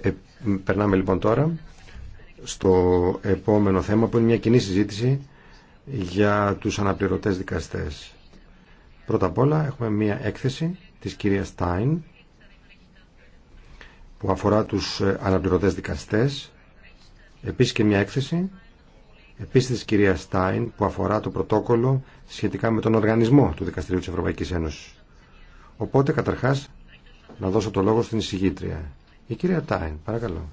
Ε, περνάμε λοιπόν τώρα στο επόμενο θέμα που είναι μια κοινή συζήτηση για τους αναπληρωτές δικαστές. Πρώτα απ' όλα έχουμε μια έκθεση της κυρίας Στάιν που αφορά τους αναπληρωτές δικαστές. Επίσης και μια έκθεση επίσης της κυρίας Στάιν που αφορά το πρωτόκολλο σχετικά με τον οργανισμό του Δικαστηρίου της Ευρωπαϊκής Ένωσης. Οπότε καταρχάς να δώσω το λόγο στην εισηγήτρια η κυρία Τάιν, παρακαλώ.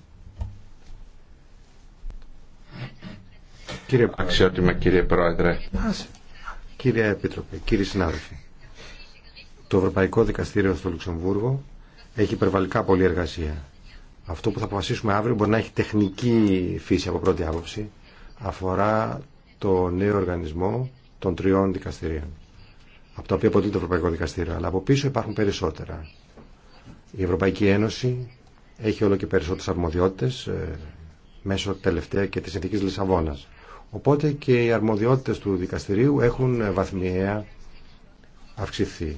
Κύριε Αξιότιμα κύριε Πρόεδρε. Άσε. Κύριε Επίτροπε, κύριοι συνάδελφοι. Το Ευρωπαϊκό Δικαστήριο στο Λουξεμβούργο έχει υπερβαλλικά πολλή εργασία. Αυτό που θα αποφασίσουμε αύριο μπορεί να έχει τεχνική φύση από πρώτη άποψη. Αφορά το νέο οργανισμό των τριών δικαστηρίων. Από τα οποία αποτελεί το Ευρωπαϊκό Δικαστήριο. Αλλά από πίσω υπάρχουν περισσότερα. Η Ευρωπαϊκή Ένωση έχει όλο και περισσότερες αρμοδιότητες ε, μέσω τελευταία και της συνθήκης Λισαβόνας. Οπότε και οι αρμοδιότητες του δικαστηρίου έχουν ε, βαθμιαία αυξηθεί.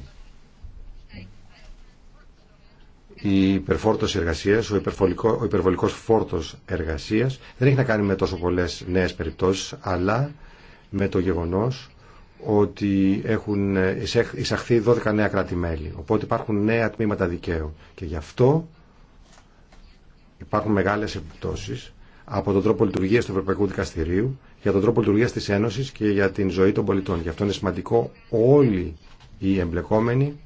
Η υπερφόρτωση εργασίας, ο, υπερβολικό, ο υπερβολικός φόρτος εργασίας δεν έχει να κάνει με τόσο πολλές νέες περιπτώσεις, αλλά με το γεγονός ότι έχουν ε, εισαχθεί 12 νέα κράτη-μέλη. Οπότε υπάρχουν νέα τμήματα δικαίου. Και γι' αυτό υπάρχουν μεγάλε επιπτώσει από τον τρόπο λειτουργία του Ευρωπαϊκού Δικαστηρίου, για τον τρόπο λειτουργία τη Ένωση και για την ζωή των πολιτών. Γι' αυτό είναι σημαντικό όλοι οι εμπλεκόμενοι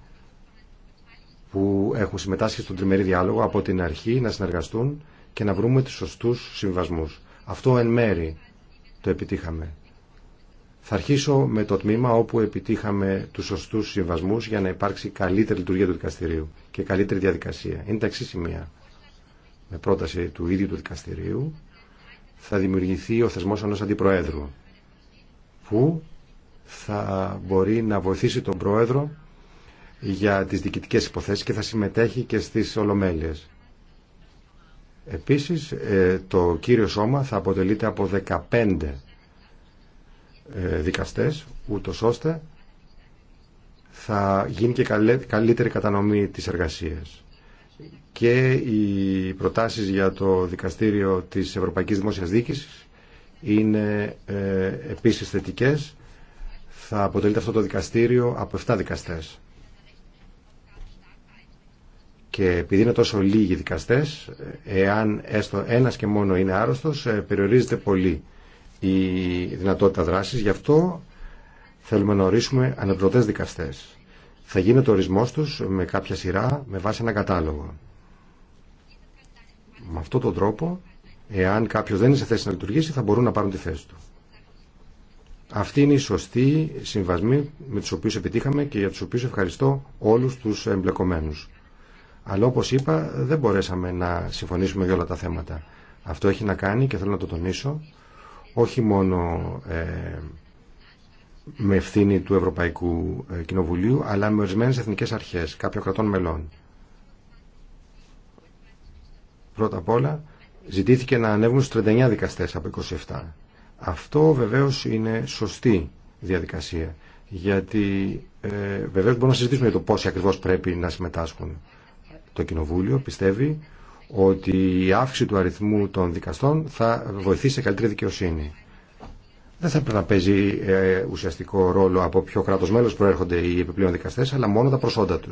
που έχουν συμμετάσχει στον τριμερή διάλογο από την αρχή να συνεργαστούν και να βρούμε του σωστού συμβασμούς. Αυτό εν μέρη το επιτύχαμε. Θα αρχίσω με το τμήμα όπου επιτύχαμε του σωστού συμβασμού για να υπάρξει καλύτερη λειτουργία του δικαστηρίου και καλύτερη διαδικασία. Είναι τα εξή σημεία με πρόταση του ίδιου του δικαστηρίου θα δημιουργηθεί ο θεσμός ενός αντιπροέδρου που θα μπορεί να βοηθήσει τον πρόεδρο για τις διοικητικές υποθέσεις και θα συμμετέχει και στις ολομέλειες. Επίσης, ε, το κύριο σώμα θα αποτελείται από 15 ε, δικαστές, ούτως ώστε θα γίνει και καλύτερη κατανομή της εργασίας και οι προτάσεις για το Δικαστήριο της Ευρωπαϊκής Δημόσιας Διοίκησης είναι ε, επίσης θετικές. Θα αποτελείται αυτό το δικαστήριο από 7 δικαστές. Και επειδή είναι τόσο λίγοι δικαστές, εάν έστω ένας και μόνο είναι άρρωστος, ε, περιορίζεται πολύ η δυνατότητα δράσης. Γι' αυτό θέλουμε να ορίσουμε αναπληρωτές δικαστές θα γίνεται ο ορισμός τους με κάποια σειρά, με βάση ένα κατάλογο. Με αυτόν τον τρόπο, εάν κάποιος δεν είναι σε θέση να λειτουργήσει, θα μπορούν να πάρουν τη θέση του. Αυτή είναι η σωστή συμβασμή με τους οποίους επιτύχαμε και για τους οποίους ευχαριστώ όλους τους εμπλεκομένους. Αλλά όπως είπα δεν μπορέσαμε να συμφωνήσουμε για όλα τα θέματα. Αυτό έχει να κάνει και θέλω να το τονίσω όχι μόνο ε, με ευθύνη του Ευρωπαϊκού ε, Κοινοβουλίου, αλλά με ορισμένε εθνικές αρχές κάποιων κρατών μελών. Πρώτα απ' όλα, ζητήθηκε να ανέβουν στους 39 δικαστές από 27. Αυτό βεβαίως είναι σωστή διαδικασία, γιατί ε, βεβαίως μπορούμε να συζητήσουμε για το πόσοι ακριβώς πρέπει να συμμετάσχουν. Το Κοινοβούλιο πιστεύει ότι η αύξηση του αριθμού των δικαστών θα βοηθήσει σε καλύτερη δικαιοσύνη δεν θα πρέπει να παίζει ε, ουσιαστικό ρόλο από ποιο κράτο μέλο προέρχονται οι επιπλέον δικαστέ, αλλά μόνο τα προσόντα του,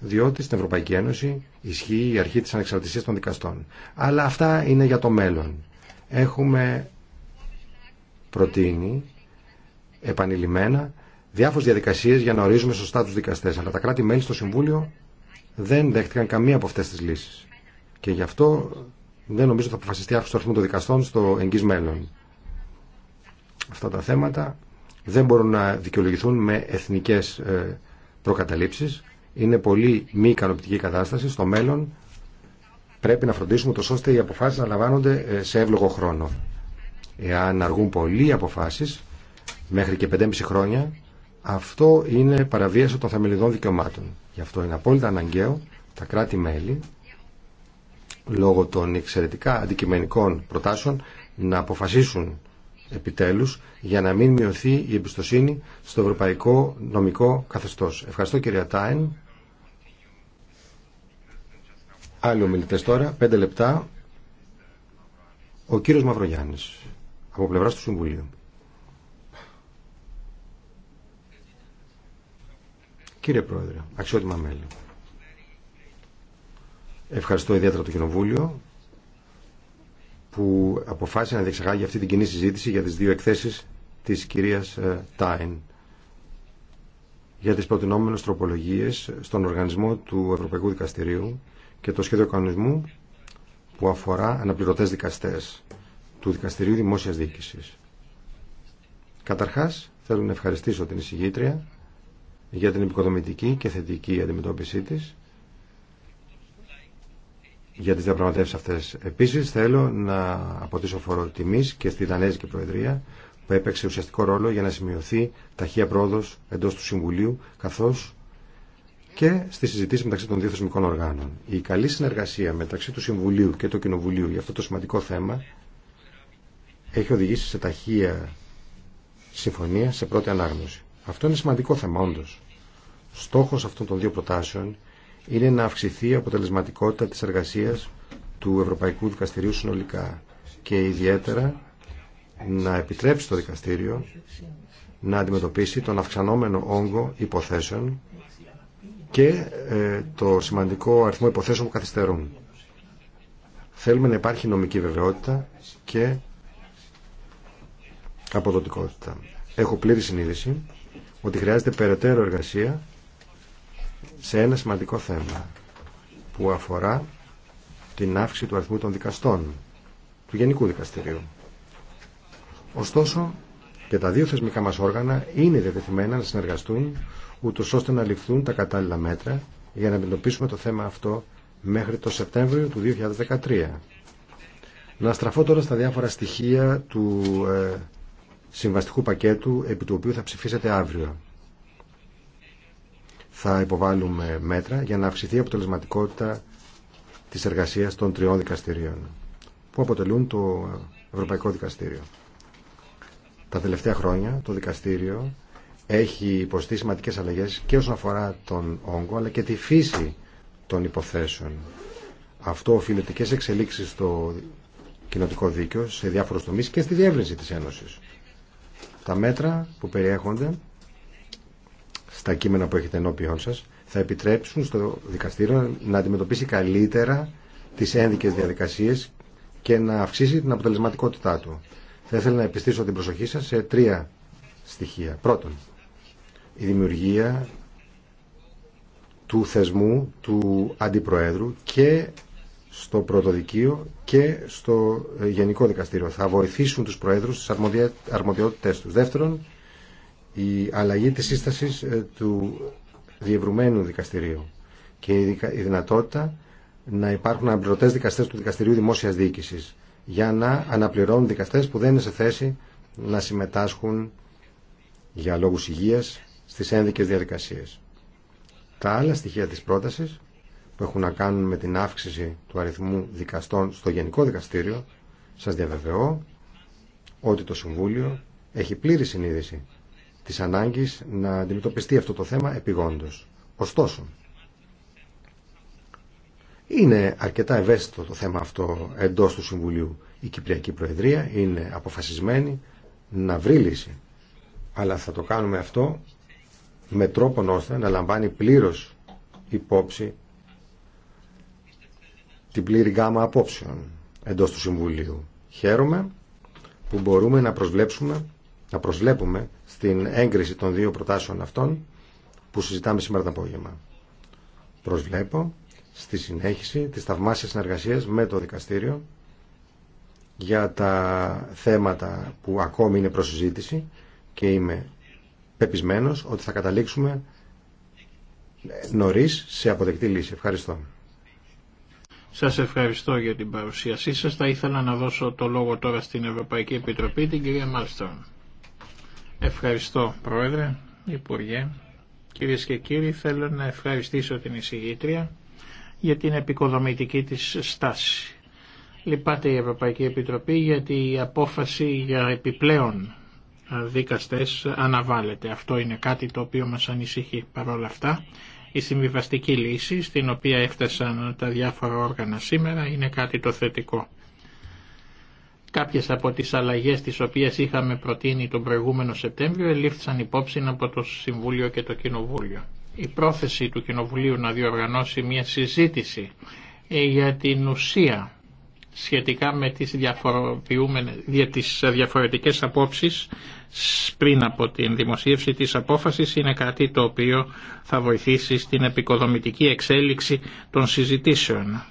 Διότι στην Ευρωπαϊκή Ένωση ισχύει η αρχή τη ανεξαρτησία των δικαστών. Αλλά αυτά είναι για το μέλλον. Έχουμε προτείνει επανειλημμένα διάφορε διαδικασίε για να ορίζουμε σωστά του δικαστέ, Αλλά τα κράτη-μέλη στο Συμβούλιο δεν δέχτηκαν καμία από αυτέ τι λύσει. Και γι' αυτό δεν νομίζω ότι θα αποφασιστεί αύξηση του αριθμού των δικαστών στο εγγύ μέλλον αυτά τα θέματα δεν μπορούν να δικαιολογηθούν με εθνικές ε, προκαταλήψεις. Είναι πολύ μη ικανοποιητική κατάσταση. Στο μέλλον πρέπει να φροντίσουμε το ώστε οι αποφάσεις να λαμβάνονται ε, σε εύλογο χρόνο. Εάν αργούν πολλοί οι αποφάσεις, μέχρι και 5,5 χρόνια, αυτό είναι παραβίαση των θεμελιδών δικαιωμάτων. Γι' αυτό είναι απόλυτα αναγκαίο τα κράτη-μέλη, λόγω των εξαιρετικά αντικειμενικών προτάσεων, να αποφασίσουν επιτέλους για να μην μειωθεί η εμπιστοσύνη στο ευρωπαϊκό νομικό καθεστώς. Ευχαριστώ κυρία Τάιν. Άλλοι ομιλητέ τώρα, πέντε λεπτά. Ο κύριος Μαυρογιάννης, από πλευράς του Συμβουλίου. Κύριε Πρόεδρε, αξιότιμα μέλη. Ευχαριστώ ιδιαίτερα το Κοινοβούλιο που αποφάσισε να διεξαγάγει αυτή την κοινή συζήτηση για τις δύο εκθέσεις της κυρίας ε, Τάιν για τις προτινόμενες τροπολογίες στον οργανισμό του Ευρωπαϊκού Δικαστηρίου και το σχέδιο κανονισμού που αφορά αναπληρωτές δικαστές του Δικαστηρίου Δημόσιας Διοίκησης. Καταρχάς, θέλω να ευχαριστήσω την εισηγήτρια για την επικοδομητική και θετική αντιμετώπιση της για τις διαπραγματεύσεις αυτές. Επίσης θέλω να αποτίσω φορό τιμής και στη Δανέζικη Προεδρία που έπαιξε ουσιαστικό ρόλο για να σημειωθεί ταχεία πρόοδος εντός του Συμβουλίου καθώς και στη συζητήση μεταξύ των δύο θεσμικών οργάνων. Η καλή συνεργασία μεταξύ του Συμβουλίου και του Κοινοβουλίου για αυτό το σημαντικό θέμα έχει οδηγήσει σε ταχεία συμφωνία σε πρώτη ανάγνωση. Αυτό είναι σημαντικό θέμα όντω. Στόχος αυτών των δύο προτάσεων είναι να αυξηθεί η αποτελεσματικότητα της εργασίας του Ευρωπαϊκού Δικαστηρίου συνολικά και ιδιαίτερα να επιτρέψει το δικαστήριο να αντιμετωπίσει τον αυξανόμενο όγκο υποθέσεων και ε, το σημαντικό αριθμό υποθέσεων που καθυστερούν. Θέλουμε να υπάρχει νομική βεβαιότητα και αποδοτικότητα. Έχω πλήρη συνείδηση ότι χρειάζεται περαιτέρω εργασία σε ένα σημαντικό θέμα που αφορά την αύξηση του αριθμού των δικαστών του Γενικού Δικαστηρίου. Ωστόσο, και τα δύο θεσμικά μας όργανα είναι διατεθειμένα να συνεργαστούν ούτω ώστε να ληφθούν τα κατάλληλα μέτρα για να αντιμετωπίσουμε το θέμα αυτό μέχρι το Σεπτέμβριο του 2013. Να στραφώ τώρα στα διάφορα στοιχεία του ε, συμβαστικού πακέτου επί του οποίου θα ψηφίσετε αύριο θα υποβάλουμε μέτρα για να αυξηθεί η αποτελεσματικότητα της εργασίας των τριών δικαστηρίων που αποτελούν το Ευρωπαϊκό Δικαστήριο. Τα τελευταία χρόνια το δικαστήριο έχει υποστεί σημαντικές αλλαγές και όσον αφορά τον όγκο αλλά και τη φύση των υποθέσεων. Αυτό οφείλεται και σε εξελίξεις στο κοινοτικό δίκαιο σε διάφορους τομείς και στη διεύρυνση της Ένωσης. Τα μέτρα που περιέχονται στα κείμενα που έχετε ενώπιόν σας θα επιτρέψουν στο δικαστήριο να αντιμετωπίσει καλύτερα τις ένδικες διαδικασίες και να αυξήσει την αποτελεσματικότητά του. Θα ήθελα να επιστήσω την προσοχή σας σε τρία στοιχεία. Πρώτον, η δημιουργία του θεσμού του Αντιπροέδρου και στο Πρωτοδικείο και στο ε, Γενικό Δικαστήριο. Θα βοηθήσουν τους Προέδρους στις αρμοδιότητές τους. Δεύτερον, η αλλαγή της σύστασης ε, του διευρουμένου δικαστηρίου και η δυνατότητα να υπάρχουν αναπληρωτές δικαστές του Δικαστηρίου Δημόσιας Διοίκησης για να αναπληρώνουν δικαστές που δεν είναι σε θέση να συμμετάσχουν για λόγους υγείας στις ένδικες διαδικασίες. Τα άλλα στοιχεία της πρότασης που έχουν να κάνουν με την αύξηση του αριθμού δικαστών στο Γενικό Δικαστήριο σας διαβεβαιώ ότι το Συμβούλιο έχει πλήρη συνείδηση της ανάγκης να αντιμετωπιστεί αυτό το θέμα επιγόντως. Ωστόσο, είναι αρκετά ευαίσθητο το θέμα αυτό εντός του Συμβουλίου. Η Κυπριακή Προεδρία είναι αποφασισμένη να βρει λύση. Αλλά θα το κάνουμε αυτό με τρόπο ώστε να λαμβάνει πλήρως υπόψη την πλήρη γάμα απόψεων εντός του Συμβουλίου. Χαίρομαι που μπορούμε να προσβλέψουμε να προσβλέπουμε στην έγκριση των δύο προτάσεων αυτών που συζητάμε σήμερα το απόγευμα. Προσβλέπω στη συνέχιση της θαυμάσιας συνεργασίας με το δικαστήριο για τα θέματα που ακόμη είναι προς και είμαι πεπισμένος ότι θα καταλήξουμε νωρίς σε αποδεκτή λύση. Ευχαριστώ. Σας ευχαριστώ για την παρουσίασή σας. Θα ήθελα να δώσω το λόγο τώρα στην Ευρωπαϊκή Επιτροπή, την κυρία Μάλστρον. Ευχαριστώ Πρόεδρε, Υπουργέ. Κυρίες και κύριοι, θέλω να ευχαριστήσω την εισηγήτρια για την επικοδομητική της στάση. Λυπάται η Ευρωπαϊκή Επιτροπή γιατί η απόφαση για επιπλέον δίκαστες αναβάλλεται. Αυτό είναι κάτι το οποίο μας ανησυχεί. παρόλα αυτά, η συμβιβαστική λύση στην οποία έφτασαν τα διάφορα όργανα σήμερα είναι κάτι το θετικό. Κάποιες από τις αλλαγές τις οποίες είχαμε προτείνει τον προηγούμενο Σεπτέμβριο ελήφθησαν υπόψη από το Συμβούλιο και το Κοινοβούλιο. Η πρόθεση του Κοινοβουλίου να διοργανώσει μια συζήτηση ε, για την ουσία σχετικά με τις, διαφορετικέ τις διαφορετικές απόψεις πριν από την δημοσίευση της απόφασης είναι κάτι το οποίο θα βοηθήσει στην επικοδομητική εξέλιξη των συζητήσεων.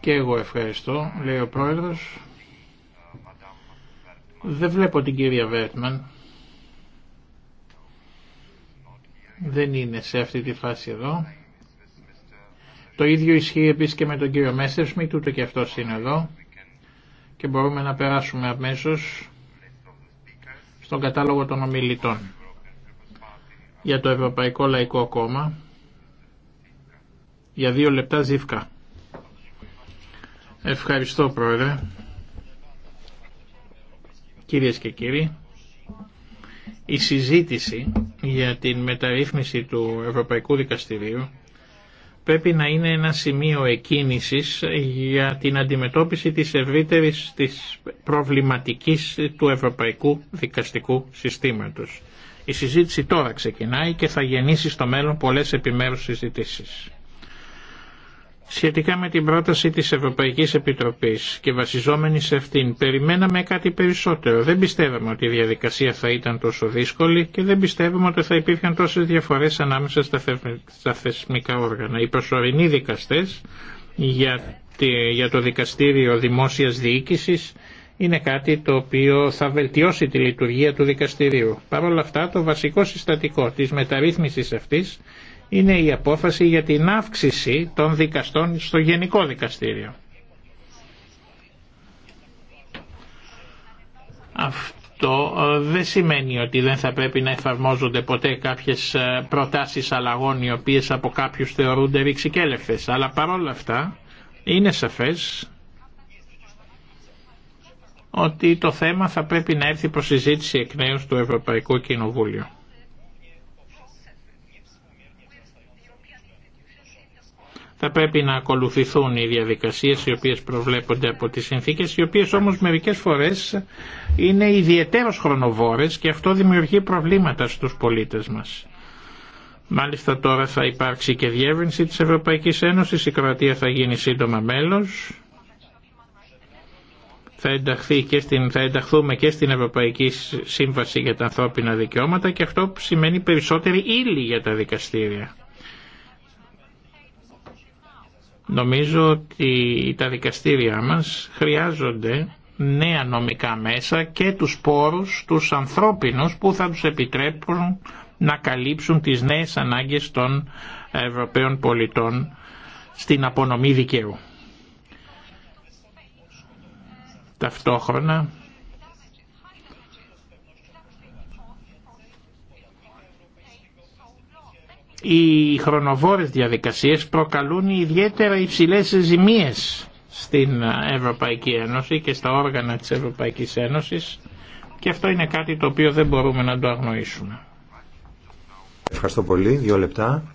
Και εγώ ευχαριστώ, λέει ο Πρόεδρος. Δεν βλέπω την κυρία Βέρτμαν. Δεν είναι σε αυτή τη φάση εδώ. Το ίδιο ισχύει επίσης και με τον κύριο Μέστερσμιτ, ούτε και αυτός είναι εδώ. Και μπορούμε να περάσουμε αμέσως στον κατάλογο των ομιλητών. Για το Ευρωπαϊκό Λαϊκό Κόμμα, για δύο λεπτά ζύφκα. Ευχαριστώ πρόεδρε. Κυρίες και κύριοι, η συζήτηση για την μεταρρύθμιση του Ευρωπαϊκού Δικαστηρίου πρέπει να είναι ένα σημείο εκκίνησης για την αντιμετώπιση της ευρύτερης της προβληματικής του Ευρωπαϊκού Δικαστικού Συστήματος. Η συζήτηση τώρα ξεκινάει και θα γεννήσει στο μέλλον πολλές επιμέρους συζητήσεις. Σχετικά με την πρόταση της Ευρωπαϊκής Επιτροπής και βασιζόμενη σε αυτήν, περιμέναμε κάτι περισσότερο. Δεν πιστεύαμε ότι η διαδικασία θα ήταν τόσο δύσκολη και δεν πιστεύαμε ότι θα υπήρχαν τόσες διαφορές ανάμεσα στα θεσμικά όργανα. Οι προσωρινοί δικαστές για το Δικαστήριο Δημόσιας Διοίκησης είναι κάτι το οποίο θα βελτιώσει τη λειτουργία του δικαστηρίου. Παρ' όλα αυτά το βασικό συστατικό της μεταρρύθμισης αυτής είναι η απόφαση για την αύξηση των δικαστών στο Γενικό Δικαστήριο. Αυτό ε, δεν σημαίνει ότι δεν θα πρέπει να εφαρμόζονται ποτέ κάποιες ε, προτάσεις αλλαγών οι οποίες από κάποιους θεωρούνται ρηξικέλευτες. αλλά παρόλα αυτά είναι σαφές ότι το θέμα θα πρέπει να έρθει προς συζήτηση εκ νέου του Ευρωπαϊκό Κοινοβούλιο. Θα πρέπει να ακολουθηθούν οι διαδικασίες οι οποίες προβλέπονται από τις συνθήκες, οι οποίες όμως μερικές φορές είναι ιδιαίτερο χρονοβόρες και αυτό δημιουργεί προβλήματα στους πολίτες μας. Μάλιστα τώρα θα υπάρξει και διεύρυνση της Ευρωπαϊκής Ένωσης, η Κροατία θα γίνει σύντομα μέλος. Θα, ενταχθεί και στην, θα ενταχθούμε και στην Ευρωπαϊκή Σύμβαση για τα Ανθρώπινα Δικαιώματα και αυτό σημαίνει περισσότερη ύλη για τα δικαστήρια. Νομίζω ότι τα δικαστήρια μας χρειάζονται νέα νομικά μέσα και τους πόρους, τους ανθρώπινους που θα τους επιτρέπουν να καλύψουν τις νέες ανάγκες των Ευρωπαίων πολιτών στην απονομή δικαίου. Ταυτόχρονα Οι χρονοβόρες διαδικασίες προκαλούν ιδιαίτερα υψηλές ζημίες στην Ευρωπαϊκή Ένωση και στα όργανα της Ευρωπαϊκής Ένωσης και αυτό είναι κάτι το οποίο δεν μπορούμε να το αγνοήσουμε. Ευχαριστώ πολύ. Δύο λεπτά.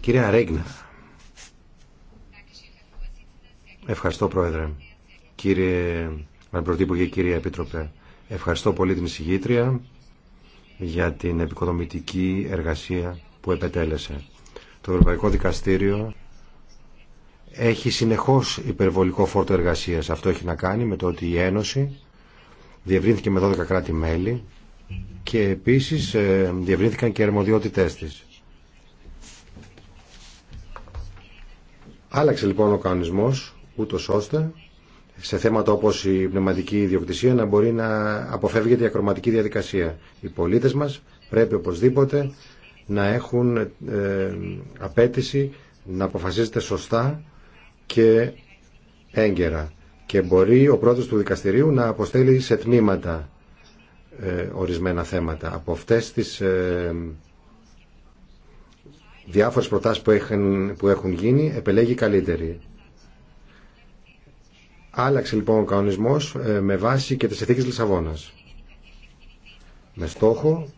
κυρία Ευχαριστώ Πρόεδρε. Κύριε Αναπρωτήπου και κύριε Επίτροπε. Ευχαριστώ πολύ την εισηγήτρια για την επικοδομητική εργασία που επετέλεσε. Το Ευρωπαϊκό Δικαστήριο έχει συνεχώς υπερβολικό φόρτο εργασίας. Αυτό έχει να κάνει με το ότι η Ένωση διευρύνθηκε με 12 κράτη-μέλη και επίσης ε, διευρύνθηκαν και αρμοδιότητές της. Άλλαξε λοιπόν ο κανονισμός ούτω ώστε σε θέματα όπως η πνευματική ιδιοκτησία να μπορεί να αποφεύγεται η ακροματική διαδικασία. Οι πολίτες μας πρέπει οπωσδήποτε να έχουν ε, απέτηση να αποφασίζεται σωστά και έγκαιρα. Και μπορεί ο πρόεδρος του δικαστηρίου να αποστέλει σε τμήματα ε, ορισμένα θέματα. Από αυτές τις ε, διάφορες προτάσεις που έχουν, που έχουν γίνει επελέγει καλύτερη. Άλλαξε λοιπόν ο κανονισμός ε, με βάση και τις ηθίκες Λισαβόνας. Με στόχο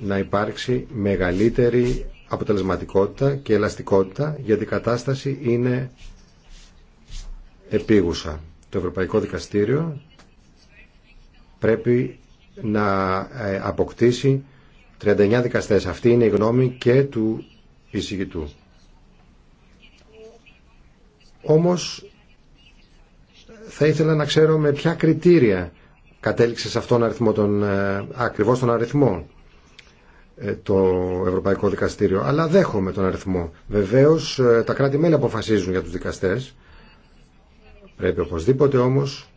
να υπάρξει μεγαλύτερη αποτελεσματικότητα και ελαστικότητα γιατί η κατάσταση είναι επίγουσα. Το Ευρωπαϊκό Δικαστήριο πρέπει να ε, αποκτήσει 39 δικαστές. Αυτή είναι η γνώμη και του εισηγητού. Όμως θα ήθελα να ξέρω με ποια κριτήρια κατέληξε σε αυτόν αριθμό, τον, ε, ακριβώς τον αριθμό. Ε, το Ευρωπαϊκό Δικαστήριο, αλλά δέχομαι τον αριθμό. Βεβαίω, ε, τα κράτη-μέλη αποφασίζουν για τους δικαστές. Πρέπει οπωσδήποτε όμως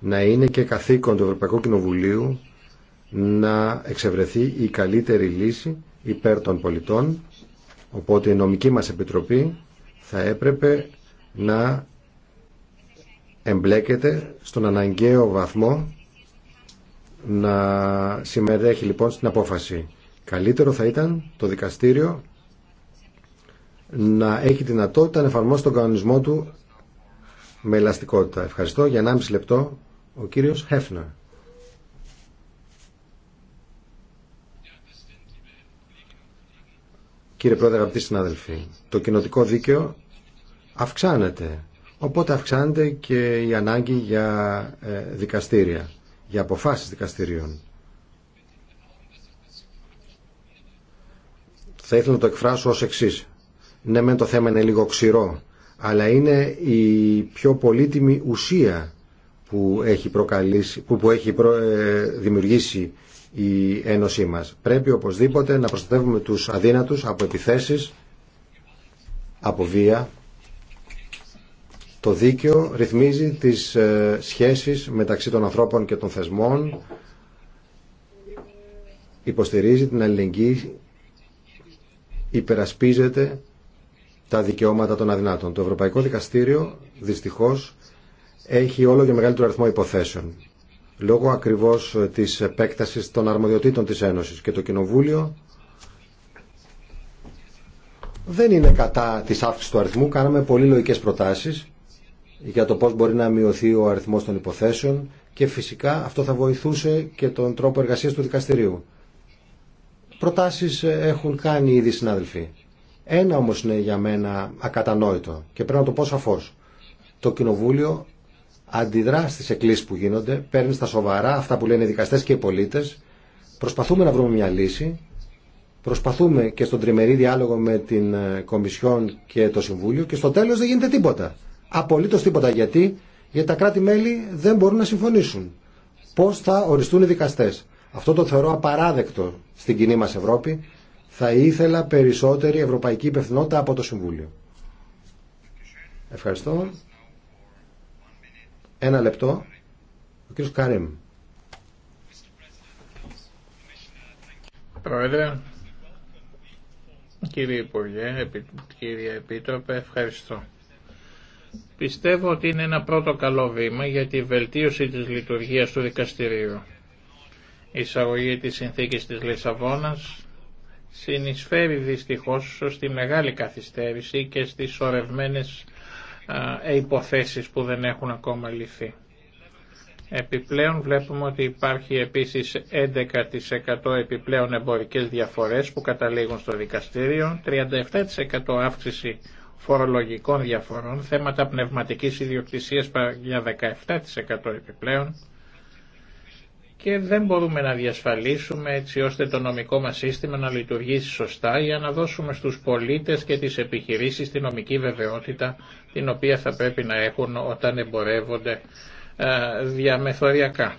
να είναι και καθήκον του Ευρωπαϊκού Κοινοβουλίου να εξευρεθεί η καλύτερη λύση υπέρ των πολιτών. Οπότε η νομική μας επιτροπή θα έπρεπε να εμπλέκεται στον αναγκαίο βαθμό να συμμετέχει λοιπόν στην απόφαση. Καλύτερο θα ήταν το δικαστήριο να έχει δυνατότητα να εφαρμόσει τον κανονισμό του με ελαστικότητα. Ευχαριστώ. Για 1,5 λεπτό ο κύριος Χέφνα. Κύριε Πρόεδρε, αγαπητοί συνάδελφοι, το κοινοτικό δίκαιο αυξάνεται. Οπότε αυξάνεται και η ανάγκη για ε, δικαστήρια, για αποφάσεις δικαστηρίων. θα ήθελα να το εκφράσω ως εξή. Ναι, μεν το θέμα είναι λίγο ξηρό, αλλά είναι η πιο πολύτιμη ουσία που έχει, που, που έχει ε, δημιουργήσει η Ένωσή μας. Πρέπει οπωσδήποτε να προστατεύουμε τους αδύνατους από επιθέσεις, από βία. Το δίκαιο ρυθμίζει τις ε, σχέσεις μεταξύ των ανθρώπων και των θεσμών, υποστηρίζει την αλληλεγγύη υπερασπίζεται τα δικαιώματα των αδυνάτων. Το Ευρωπαϊκό Δικαστήριο δυστυχώς έχει όλο και μεγαλύτερο αριθμό υποθέσεων λόγω ακριβώς ε, της επέκτασης των αρμοδιοτήτων της Ένωσης και το Κοινοβούλιο δεν είναι κατά της αύξησης του αριθμού. Κάναμε πολύ λογικές προτάσεις για το πώς μπορεί να μειωθεί ο αριθμός των υποθέσεων και φυσικά αυτό θα βοηθούσε και τον τρόπο εργασίας του δικαστηρίου. Προτάσεις ε, έχουν κάνει ήδη συνάδελφοι. Ένα όμως είναι για μένα ακατανόητο και πρέπει να το πω σαφώς. Το Κοινοβούλιο αντιδρά στις εκκλήσεις που γίνονται, παίρνει στα σοβαρά αυτά που λένε οι δικαστές και οι πολίτες, προσπαθούμε να βρούμε μια λύση, προσπαθούμε και στον τριμερή διάλογο με την ε, Κομισιόν και το Συμβούλιο και στο τέλος δεν γίνεται τίποτα. Απολύτως τίποτα γιατί, γιατί τα κράτη-μέλη δεν μπορούν να συμφωνήσουν. Πώς θα οριστούν οι δικαστές. Αυτό το θεωρώ απαράδεκτο στην κοινή μας Ευρώπη. Θα ήθελα περισσότερη ευρωπαϊκή υπευθυνότητα από το Συμβούλιο. Ευχαριστώ. Ένα λεπτό. Ο κ. Καρέμ. Πρόεδρε, κύριε Υπουργέ, κύριε Επίτροπε, ευχαριστώ. Πιστεύω ότι είναι ένα πρώτο καλό βήμα για τη βελτίωση της λειτουργίας του δικαστηρίου. Η εισαγωγή της συνθήκης της Λισαβόνας συνεισφέρει δυστυχώς στη μεγάλη καθυστέρηση και στις ορευμένες υποθέσεις που δεν έχουν ακόμα λυθεί. Επιπλέον βλέπουμε ότι υπάρχει επίσης 11% επιπλέον εμπορικές διαφορές που καταλήγουν στο δικαστήριο, 37% αύξηση φορολογικών διαφορών, θέματα πνευματικής ιδιοκτησίας για 17% επιπλέον, και δεν μπορούμε να διασφαλίσουμε έτσι ώστε το νομικό μας σύστημα να λειτουργήσει σωστά για να δώσουμε στους πολίτες και τις επιχειρήσεις τη νομική βεβαιότητα την οποία θα πρέπει να έχουν όταν εμπορεύονται ε, διαμεθοριακά.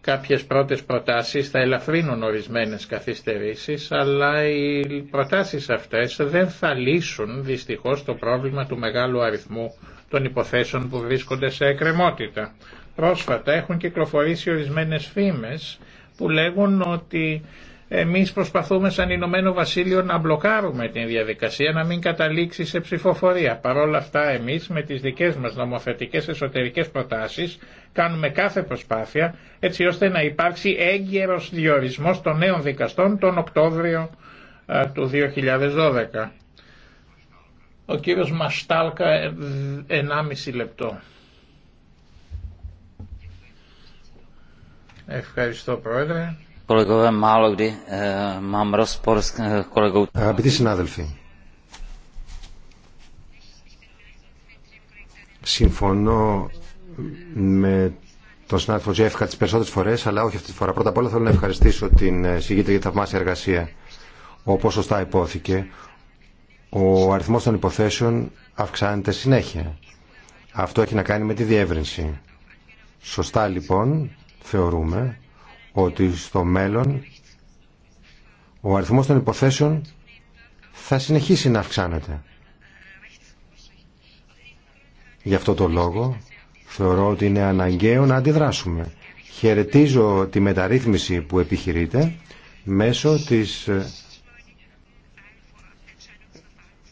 Κάποιες πρώτες προτάσεις θα ελαφρύνουν ορισμένες καθυστερήσεις, αλλά οι προτάσεις αυτές δεν θα λύσουν δυστυχώς το πρόβλημα του μεγάλου αριθμού των υποθέσεων που βρίσκονται σε εκκρεμότητα. Πρόσφατα έχουν κυκλοφορήσει ορισμένες φήμες που λέγουν ότι εμείς προσπαθούμε σαν Ηνωμένο Βασίλειο να μπλοκάρουμε την διαδικασία, να μην καταλήξει σε ψηφοφορία. Παρ' όλα αυτά εμείς με τις δικές μας νομοθετικέ εσωτερικές προτάσεις κάνουμε κάθε προσπάθεια έτσι ώστε να υπάρξει έγκαιρος διορισμός των νέων δικαστών τον Οκτώβριο του 2012. Ο κύριος Μαστάλκα, 1,5 ε, λεπτό. Ευχαριστώ Πρόεδρε. Eh, eh, Αγαπητοί συνάδελφοι, συμφωνώ με τον συνάδελφο Τζέφκα τις περισσότερες φορές, αλλά όχι αυτή τη φορά. Πρώτα απ' όλα θέλω να ευχαριστήσω την ε, συγγήτρια για τη θαυμάσια εργασία. Όπως σωστά υπόθηκε, ο αριθμός των υποθέσεων αυξάνεται συνέχεια. Αυτό έχει να κάνει με τη διεύρυνση. Σωστά λοιπόν θεωρούμε ότι στο μέλλον ο αριθμός των υποθέσεων θα συνεχίσει να αυξάνεται. Γι' αυτό το λόγο θεωρώ ότι είναι αναγκαίο να αντιδράσουμε. Χαιρετίζω τη μεταρρύθμιση που επιχειρείται μέσω της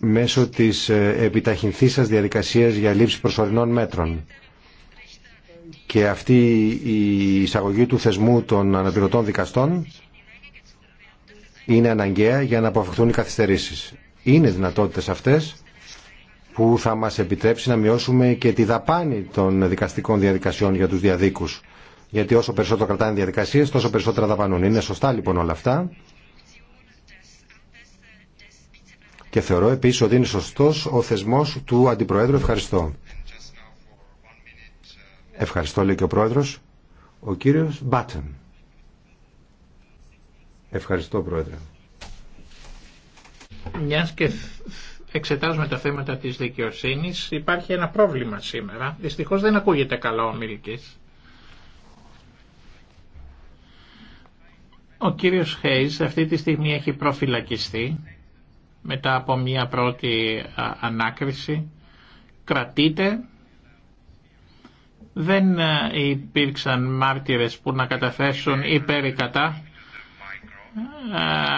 μέσω της ε, επιταχυνθής σας διαδικασίας για λήψη προσωρινών μέτρων. Και αυτή η εισαγωγή του θεσμού των αναπληρωτών δικαστών είναι αναγκαία για να αποφευχθούν οι καθυστερήσεις. Είναι δυνατότητες αυτές που θα μας επιτρέψει να μειώσουμε και τη δαπάνη των δικαστικών διαδικασιών για τους διαδίκους. Γιατί όσο περισσότερο κρατάνε διαδικασίες, τόσο περισσότερα δαπανούν. Είναι σωστά λοιπόν όλα αυτά Και θεωρώ επίσης ότι είναι σωστός ο θεσμός του Αντιπροέδρου. Ευχαριστώ. Ευχαριστώ λέει και ο Πρόεδρος. Ο κύριος Μπάτεν. Ευχαριστώ Πρόεδρε. Μιας και εξετάζουμε τα θέματα της δικαιοσύνης υπάρχει ένα πρόβλημα σήμερα. Δυστυχώς δεν ακούγεται καλά ο Μιλκής. Ο κύριος Χέις αυτή τη στιγμή έχει προφυλακιστεί μετά από μια πρώτη ανάκριση Κρατείτε. δεν υπήρξαν μάρτυρες που να καταθέσουν υπέρ ή κατά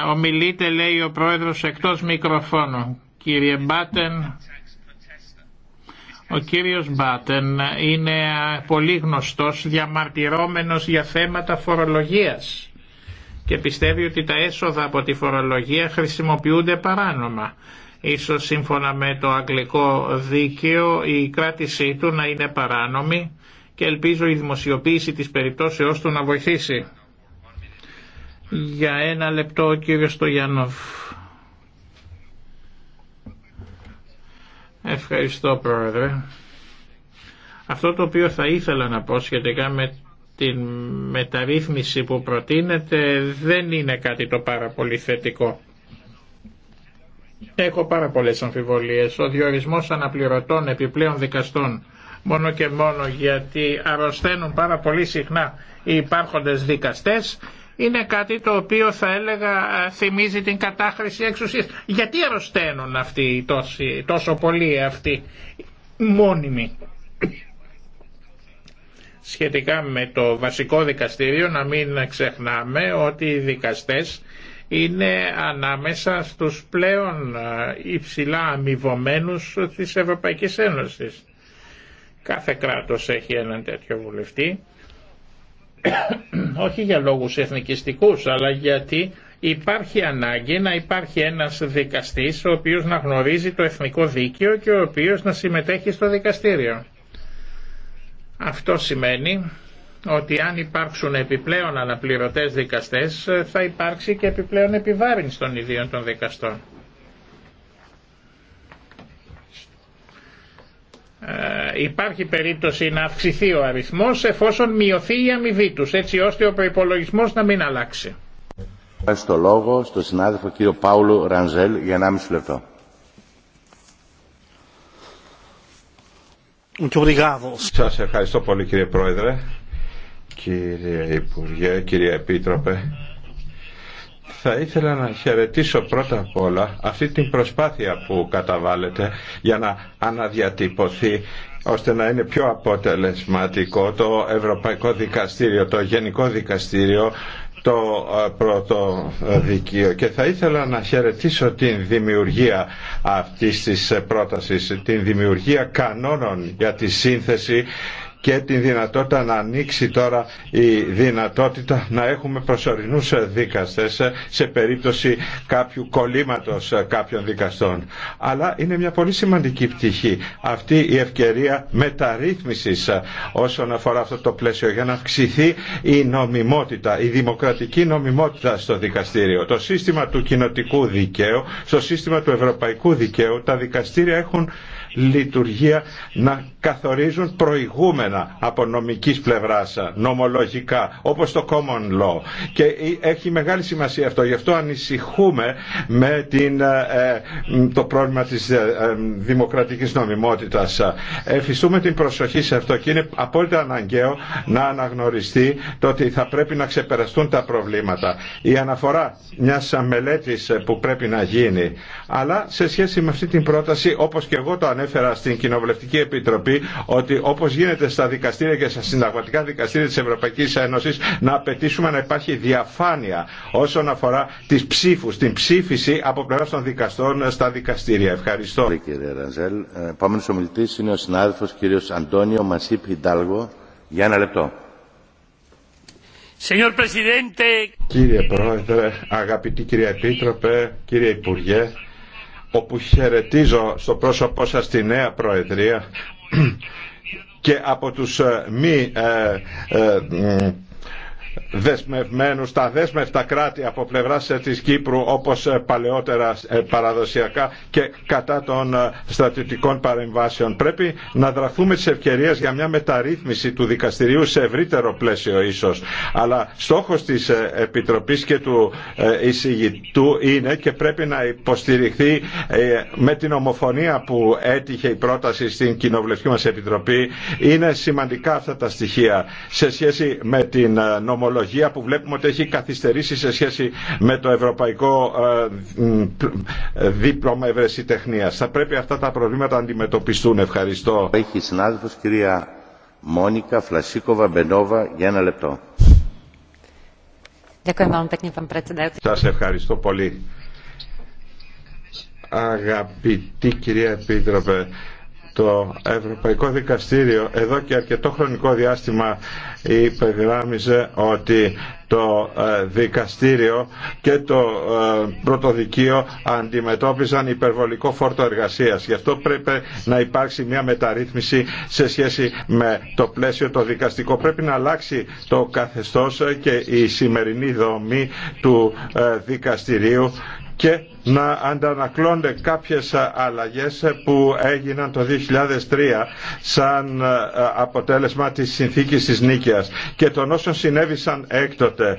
ομιλείται λέει ο πρόεδρος εκτός μικροφώνου κύριε Μπάτεν ο κύριος Μπάτεν είναι πολύ γνωστός διαμαρτυρόμενος για θέματα φορολογίας και πιστεύει ότι τα έσοδα από τη φορολογία χρησιμοποιούνται παράνομα. Ίσως σύμφωνα με το αγγλικό δίκαιο η κράτησή του να είναι παράνομη και ελπίζω η δημοσιοποίηση της περιπτώσεώς του να βοηθήσει. Για ένα λεπτό ο κύριος Στογιανόφ. Ευχαριστώ πρόεδρε. Αυτό το οποίο θα ήθελα να πω σχετικά με την μεταρρύθμιση που προτείνεται δεν είναι κάτι το πάρα πολύ θετικό. Έχω πάρα πολλές αμφιβολίες. Ο διορισμός αναπληρωτών επιπλέον δικαστών μόνο και μόνο γιατί αρρωσταίνουν πάρα πολύ συχνά οι υπάρχοντες δικαστές είναι κάτι το οποίο θα έλεγα θυμίζει την κατάχρηση εξουσίας. Γιατί αρρωσταίνουν αυτοί τόσο πολύ αυτοί μόνιμοι σχετικά με το βασικό δικαστήριο να μην ξεχνάμε ότι οι δικαστές είναι ανάμεσα στους πλέον ε, υψηλά αμοιβωμένου της Ευρωπαϊκής Ένωσης. Κάθε κράτος έχει έναν τέτοιο βουλευτή, όχι για λόγους εθνικιστικούς, αλλά γιατί υπάρχει ανάγκη να υπάρχει ένας δικαστής ο οποίος να γνωρίζει το εθνικό δίκαιο και ο οποίος να συμμετέχει στο δικαστήριο. Αυτό σημαίνει ότι αν υπάρξουν επιπλέον αναπληρωτές δικαστές θα υπάρξει και επιπλέον επιβάρυνση των ιδίων των δικαστών. Ε, υπάρχει περίπτωση να αυξηθεί ο αριθμός εφόσον μειωθεί η αμοιβή τους έτσι ώστε ο προϋπολογισμός να μην αλλάξει. Στο λόγο, στο συνάδελφο κύριο Πάουλο Ρανζέλ για 1,5 λεπτό. Σας ευχαριστώ πολύ κύριε Πρόεδρε, κύριε Υπουργέ, κύριε Επίτροπε. Θα ήθελα να χαιρετήσω πρώτα απ' όλα αυτή την προσπάθεια που καταβάλλεται για να αναδιατυπωθεί ώστε να είναι πιο αποτελεσματικό το Ευρωπαϊκό Δικαστήριο, το Γενικό Δικαστήριο το ε, πρώτο ε, δικείο και θα ήθελα να χαιρετήσω την δημιουργία αυτής της πρότασης, την δημιουργία κανόνων για τη σύνθεση και την δυνατότητα να ανοίξει τώρα η δυνατότητα να έχουμε προσωρινούς δίκαστες σε περίπτωση κάποιου κολλήματος κάποιων δικαστών. Αλλά είναι μια πολύ σημαντική πτυχή αυτή η ευκαιρία μεταρρύθμισης όσον αφορά αυτό το πλαίσιο για να αυξηθεί η νομιμότητα, η δημοκρατική νομιμότητα στο δικαστήριο. Το σύστημα του κοινοτικού δικαίου, στο σύστημα του ευρωπαϊκού δικαίου, τα δικαστήρια έχουν λειτουργία να καθορίζουν προηγούμενα από νομικής πλευράς, νομολογικά, όπως το common law. Και έχει μεγάλη σημασία αυτό. Γι' αυτό ανησυχούμε με την, ε, ε, το πρόβλημα της ε, δημοκρατικής νομιμότητας. Εφιστούμε την προσοχή σε αυτό και είναι απόλυτα αναγκαίο να αναγνωριστεί το ότι θα πρέπει να ξεπεραστούν τα προβλήματα. Η αναφορά μιας μελέτης που πρέπει να γίνει. Αλλά σε σχέση με αυτή την πρόταση, όπως και εγώ το ανέφερα στην Κοινοβουλευτική Επιτροπή, ότι όπως γίνεται στα στα δικαστήρια και στα συνταγματικά δικαστήρια της Ευρωπαϊκής Ένωσης να απαιτήσουμε να υπάρχει διαφάνεια όσον αφορά τις ψήφους, την ψήφιση από πλευρά των δικαστών στα δικαστήρια. Ευχαριστώ. Κύριε Ραζέλ, ε, επόμενος ομιλητής είναι ο συνάδελφος κύριος Αντώνιο Μασίπ Ιντάλγο. Για ένα λεπτό. Κύριε Πρόεδρε, αγαπητή κύριε Επίτροπε, κύριε Υπουργέ, όπου χαιρετίζω στο πρόσωπό σας τη νέα Προεδρία, και από τους ε, μη ε, ε, δεσμευμένους τα δέσμευτα κράτη από πλευράς ε, της Κύπρου όπως ε, παλαιότερα ε, παραδοσιακά και κατά των στρατιωτικών παρεμβάσεων. Πρέπει να δραθούμε σε ευκαιρίες για μια μεταρρύθμιση του δικαστηρίου σε ευρύτερο πλαίσιο ίσως. Αλλά στόχος της Επιτροπής και του εισηγητού είναι και πρέπει να υποστηριχθεί με την ομοφωνία που έτυχε η πρόταση στην Κοινοβουλευτική μας Επιτροπή. Είναι σημαντικά αυτά τα στοιχεία σε σχέση με την δρομολογία που βλέπουμε ότι έχει καθυστερήσει σε σχέση με το ευρωπαϊκό ε, ε, δίπλωμα ευρεσιτεχνίας. Θα πρέπει αυτά τα προβλήματα να αντιμετωπιστούν. Ευχαριστώ. Έχει συνάδελφος κυρία Μόνικα Φλασίκοβα Μπενόβα για ένα λεπτό. Σας ευχαριστώ πολύ. Αγαπητή κυρία Επίτροπε, το Ευρωπαϊκό Δικαστήριο εδώ και αρκετό χρονικό διάστημα υπεγράμμιζε ότι το ε, δικαστήριο και το ε, πρωτοδικείο αντιμετώπιζαν υπερβολικό φόρτο εργασίας. Γι' αυτό πρέπει να υπάρξει μια μεταρρύθμιση σε σχέση με το πλαίσιο το δικαστικό. Πρέπει να αλλάξει το καθεστώς και η σημερινή δομή του ε, δικαστηρίου και να αντανακλώνται κάποιες αλλαγές που έγιναν το 2003 σαν ε, αποτέλεσμα της συνθήκης της Νίκαιας και των όσων συνέβησαν έκτοτε.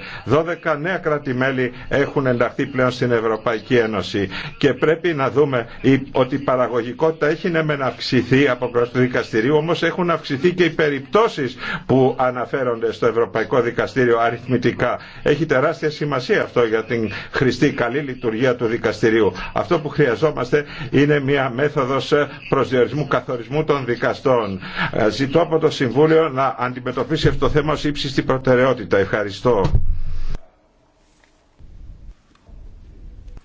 12 νέα κράτη-μέλη έχουν ενταχθεί πλέον στην Ευρωπαϊκή Ένωση και πρέπει να δούμε ότι η παραγωγικότητα έχει ναι μεν αυξηθεί από προς το δικαστηρίο όμως έχουν αυξηθεί και οι περιπτώσεις που αναφέρονται στο Ευρωπαϊκό Δικαστήριο αριθμητικά. Έχει τεράστια σημασία αυτό για την χρηστή καλή λειτουργία του δικαστηρίου. Αυτό που χρειαζόμαστε είναι μια μέθοδος ε, προσδιορισμού καθορισμού των δικαστών. Ε, ζητώ από το Συμβούλιο να αντιμετωπίσει αυτό το θέμα ως ύψιστη προτεραιότητα. Ευχαριστώ.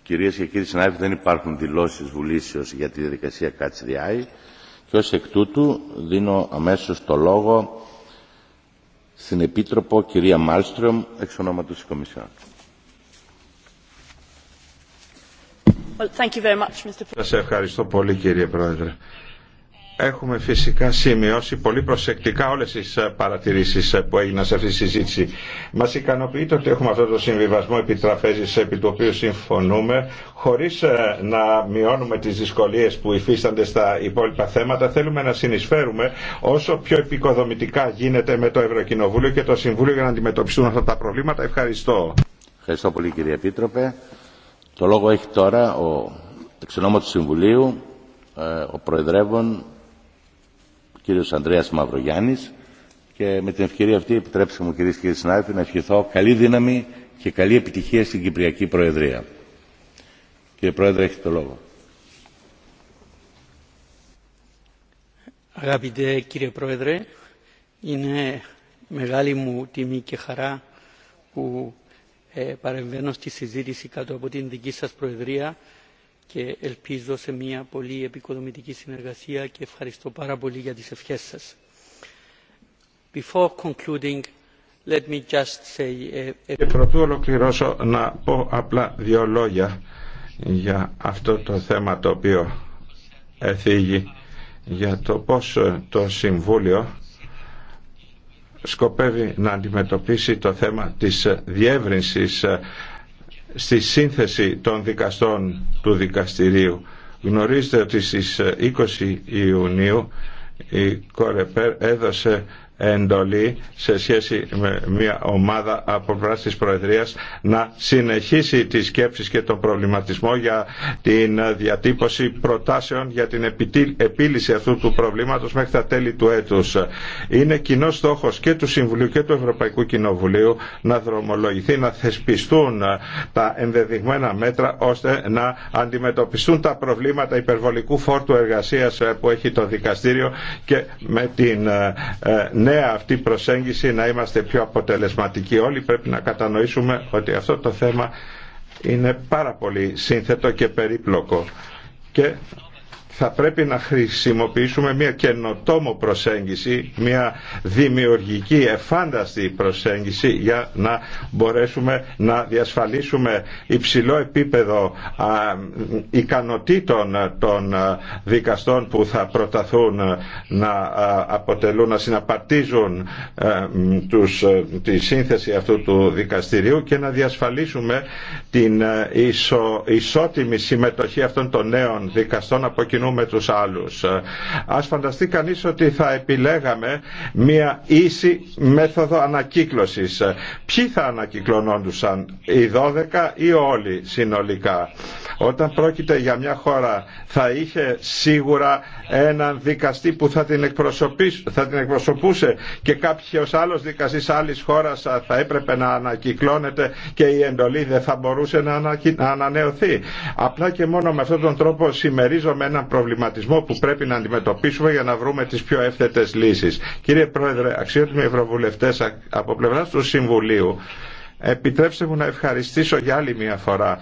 Κυρίες και κύριοι συνάδελφοι, δεν υπάρχουν δηλώσεις βουλήσεως για τη διαδικασία ΚΑΤΣΔΙ και ως εκ τούτου δίνω αμέσως το λόγο στην Επίτροπο κυρία Μάλστρομ εξ ονόματος της Κομισιόν. Σας ευχαριστώ πολύ κύριε Πρόεδρε. Έχουμε φυσικά σημειώσει πολύ προσεκτικά όλες τις ε, παρατηρήσεις ε, που έγιναν σε αυτή τη συζήτηση. Μας ικανοποιεί ότι έχουμε αυτό το συμβιβασμό επί επί του οποίου συμφωνούμε χωρίς ε, να μειώνουμε τις δυσκολίες που υφίστανται στα υπόλοιπα θέματα. Θέλουμε να συνεισφέρουμε όσο πιο επικοδομητικά γίνεται με το Ευρωκοινοβούλιο και το Συμβούλιο για να αντιμετωπιστούν αυτά τα προβλήματα. Ευχαριστώ. Ευχαριστώ πολύ κύριε Επίτροπε. Το λόγο έχει τώρα ο εξονόμο του Συμβουλίου, ε, ο Προεδρεύων, κύριος Ανδρέας Μαυρογιάννης και με την ευκαιρία αυτή επιτρέψτε μου κυρίες και κύριοι συνάδελφοι να ευχηθώ καλή δύναμη και καλή επιτυχία στην Κυπριακή Προεδρία. Κύριε Πρόεδρε, έχετε το λόγο. Αγαπητέ κύριε Πρόεδρε, είναι μεγάλη μου τιμή και χαρά που ε, παρεμβαίνω στη συζήτηση κάτω από την δική σας Προεδρία και ελπίζω σε μια πολύ επικοδομητική συνεργασία και ευχαριστώ πάρα πολύ για τις ευχές σας. Before concluding, let me just say... Ε, ε, ολοκληρώσω να πω απλά δύο λόγια για αυτό το θέμα το οποίο εθίγει για το πώς το Συμβούλιο σκοπεύει να αντιμετωπίσει το θέμα της διεύρυνσης ε, στη σύνθεση των δικαστών του δικαστηρίου. Γνωρίζετε ότι στις 20 ε, Ιουνίου η Κορεπέρ έδωσε εντολή σε σχέση με μια ομάδα από πλευρά της Προεδρίας να συνεχίσει τις σκέψεις και τον προβληματισμό για την διατύπωση προτάσεων για την επίλυση αυτού του προβλήματος μέχρι τα τέλη του έτους. Είναι κοινό στόχος και του Συμβουλίου και του Ευρωπαϊκού Κοινοβουλίου να δρομολογηθεί, να θεσπιστούν τα ενδεδειγμένα μέτρα ώστε να αντιμετωπιστούν τα προβλήματα υπερβολικού φόρτου εργασίας που έχει το δικαστήριο και με την ε, ε, νέα αυτή προσέγγιση να είμαστε πιο αποτελεσματικοί. Όλοι πρέπει να κατανοήσουμε ότι αυτό το θέμα είναι πάρα πολύ σύνθετο και περίπλοκο και θα πρέπει να χρησιμοποιήσουμε μια καινοτόμο προσέγγιση, μια δημιουργική, εφάνταστη προσέγγιση για να μπορέσουμε να διασφαλίσουμε υψηλό επίπεδο ικανοτήτων των δικαστών που θα προταθούν να αποτελούν, να συναπαρτίζουν τους, τη σύνθεση αυτού του δικαστηρίου και να διασφαλίσουμε την ισότιμη συμμετοχή αυτών των νέων δικαστών από κοινού με τους άλλους. Ας φανταστεί κανείς ότι θα επιλέγαμε μια ίση μέθοδο ανακύκλωσης. Ποιοι θα ανακυκλωνόντουσαν, οι 12 ή όλοι συνολικά. Όταν πρόκειται για μια χώρα θα είχε σίγουρα έναν δικαστή που θα την, θα την εκπροσωπούσε και κάποιος άλλος δικαστής άλλης χώρας θα έπρεπε να ανακυκλώνεται και η εντολή δεν θα μπορούσε να ανανεωθεί. Απλά και μόνο με αυτόν τον τρόπο συμμερίζομαι έναν προβληματισμό που πρέπει να αντιμετωπίσουμε για να βρούμε τις πιο εύθετες λύσεις. Κύριε Πρόεδρε, αξιότιμοι ευρωβουλευτές από πλευράς του Συμβουλίου, επιτρέψτε μου να ευχαριστήσω για άλλη μια φορά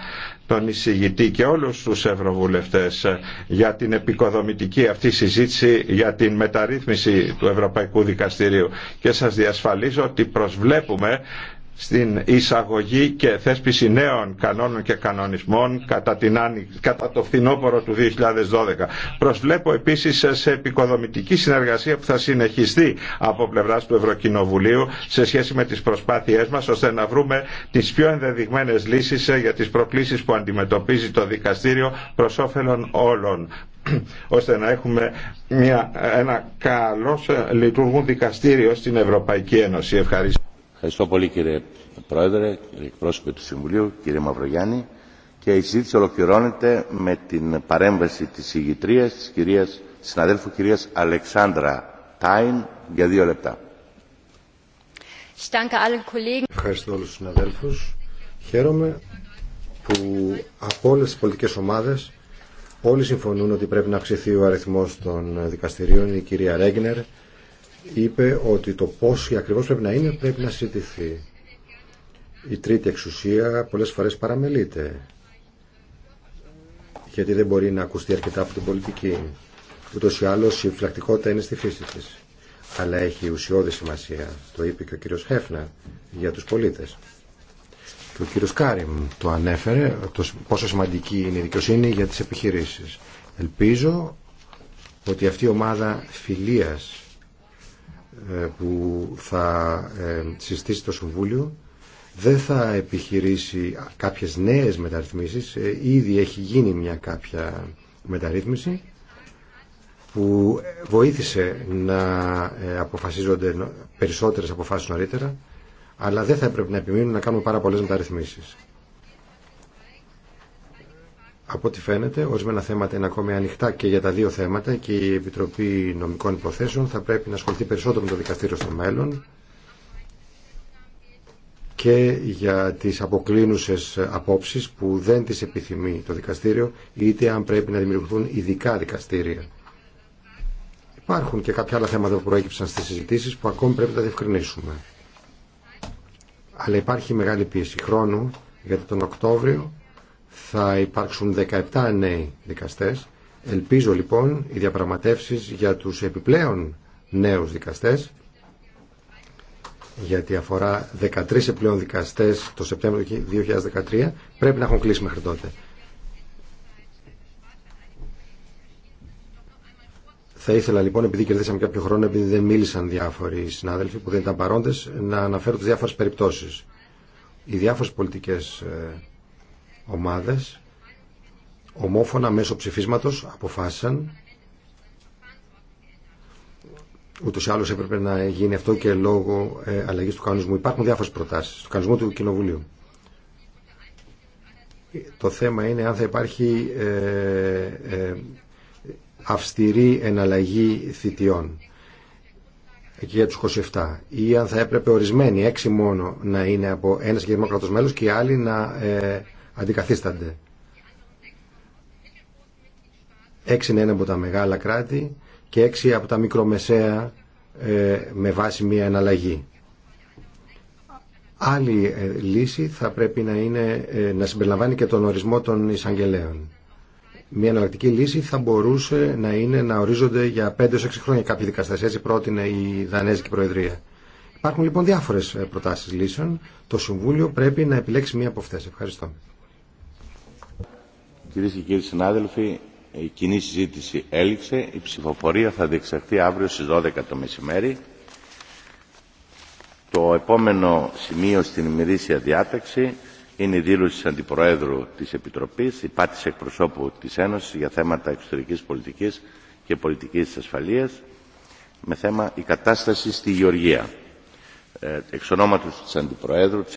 τον εισηγητή και όλους τους ευρωβουλευτές για την επικοδομητική αυτή συζήτηση για την μεταρρύθμιση του Ευρωπαϊκού Δικαστηρίου και σας διασφαλίζω ότι προσβλέπουμε στην εισαγωγή και θέσπιση νέων κανόνων και κανονισμών κατά, την, κατά το φθινόπωρο του 2012. Προσβλέπω επίσης σε επικοδομητική συνεργασία που θα συνεχιστεί από πλευράς του Ευρωκοινοβουλίου σε σχέση με τις προσπάθειές μας ώστε να βρούμε τις πιο ενδεδειγμένες λύσεις για τις προκλήσεις που αντιμετωπίζει το δικαστήριο προς όφελον όλων ώστε να έχουμε μια, ένα καλό ε, λειτουργούν δικαστήριο στην Ευρωπαϊκή Ένωση. Ευχαριστώ. Ευχαριστώ πολύ κύριε Πρόεδρε, κύριε εκπρόσωπε του Συμβουλίου, κύριε Μαυρογιάννη. Και η συζήτηση ολοκληρώνεται με την παρέμβαση της ηγητρίας της κυρίας, συναδέλφου κυρίας Αλεξάνδρα Τάιν για δύο λεπτά. Ευχαριστώ όλους τους συναδέλφους. Χαίρομαι που από όλες τις πολιτικές ομάδες όλοι συμφωνούν ότι πρέπει να αυξηθεί ο αριθμός των δικαστηρίων. Η κυρία Ρέγνερ είπε ότι το πώς ακριβώς πρέπει να είναι πρέπει να συζητηθεί. Η τρίτη εξουσία πολλές φορές παραμελείται γιατί δεν μπορεί να ακουστεί αρκετά από την πολιτική. Ούτως ή άλλως η φυλακτικότητα είναι στη φύση της. Αλλά έχει ουσιώδη σημασία, το είπε και ο κύριος Χέφνα, για τους πολίτες. Και ο κύριος Κάριμ το ανέφερε, πόσο σημαντική είναι η δικαιοσύνη για τις επιχειρήσεις. Ελπίζω ότι αυτή η ομάδα φιλίας ε, που θα ε, συστήσει το Συμβούλιο δεν θα επιχειρήσει κάποιες νέες μεταρρυθμίσεις. Ε, ήδη έχει γίνει μια κάποια μεταρρύθμιση που βοήθησε να αποφασίζονται περισσότερες αποφάσεις νωρίτερα αλλά δεν θα έπρεπε να επιμείνουν να κάνουμε πάρα πολλές μεταρρυθμίσεις. Από ό,τι φαίνεται, ορισμένα θέματα είναι ακόμη ανοιχτά και για τα δύο θέματα και η Επιτροπή Νομικών Υποθέσεων θα πρέπει να ασχοληθεί περισσότερο με το δικαστήριο στο μέλλον και για τις αποκλίνουσες απόψεις που δεν τις επιθυμεί το δικαστήριο είτε αν πρέπει να δημιουργηθούν ειδικά δικαστήρια. Υπάρχουν και κάποια άλλα θέματα που προέκυψαν στις συζητήσεις που ακόμη πρέπει να τα διευκρινίσουμε. Αλλά υπάρχει μεγάλη πίεση χρόνου για τον Οκτώβριο θα υπάρξουν 17 νέοι δικαστές. Ελπίζω λοιπόν οι διαπραγματεύσεις για τους επιπλέον νέους δικαστές γιατί αφορά 13 επιπλέον δικαστές το Σεπτέμβριο 2013 πρέπει να έχουν κλείσει μέχρι τότε. Θα ήθελα λοιπόν, επειδή κερδίσαμε κάποιο χρόνο, επειδή δεν μίλησαν διάφοροι συνάδελφοι που δεν ήταν παρόντες, να αναφέρω τις διάφορες περιπτώσεις. Οι διάφορες πολιτικές ε, ομάδες ομόφωνα μέσω ψηφίσματος αποφάσισαν ούτως ή άλλως έπρεπε να γίνει αυτό και λόγω ε, αλλαγής του κανονισμού. Υπάρχουν διάφορες προτάσεις του κανονισμού του Κοινοβουλίου. Το θέμα είναι αν θα υπάρχει ε, ε, αυστηρή εναλλαγή θητιών εκεί για τους 27 ή αν θα έπρεπε ορισμένοι, έξι μόνο, να είναι από ένα συγκεκριμένο κράτος μέλος και οι άλλοι να αντικαθίστανται. Έξι είναι ένα από τα μεγάλα κράτη και έξι από τα μικρομεσαία ε, με βάση μια εναλλαγή. Άλλη ε, λύση θα πρέπει να είναι ε, να συμπεριλαμβάνει και τον ορισμό των εισαγγελέων. Μια εναλλακτική λύση θα μπορούσε να είναι να ορίζονται για 5-6 χρόνια κάποιοι δικαστές, Έτσι πρότεινε η Δανέζικη Προεδρία. Υπάρχουν λοιπόν διάφορες προτάσεις λύσεων. Το Συμβούλιο πρέπει να επιλέξει μία από αυτέ. Ευχαριστώ. Κυρίε και κύριοι συνάδελφοι, η κοινή συζήτηση έληξε. Η ψηφοφορία θα διεξαχθεί αύριο στι 12 το μεσημέρι. Το επόμενο σημείο στην ημερήσια διάταξη είναι η δήλωση της Αντιπροέδρου της Επιτροπής, η εκπροσώπου της Ένωσης για θέματα εξωτερικής πολιτικής και πολιτικής ασφαλείας με θέμα η κατάσταση στη Γεωργία. Ε, εξ ονόματος Αντιπροέδρου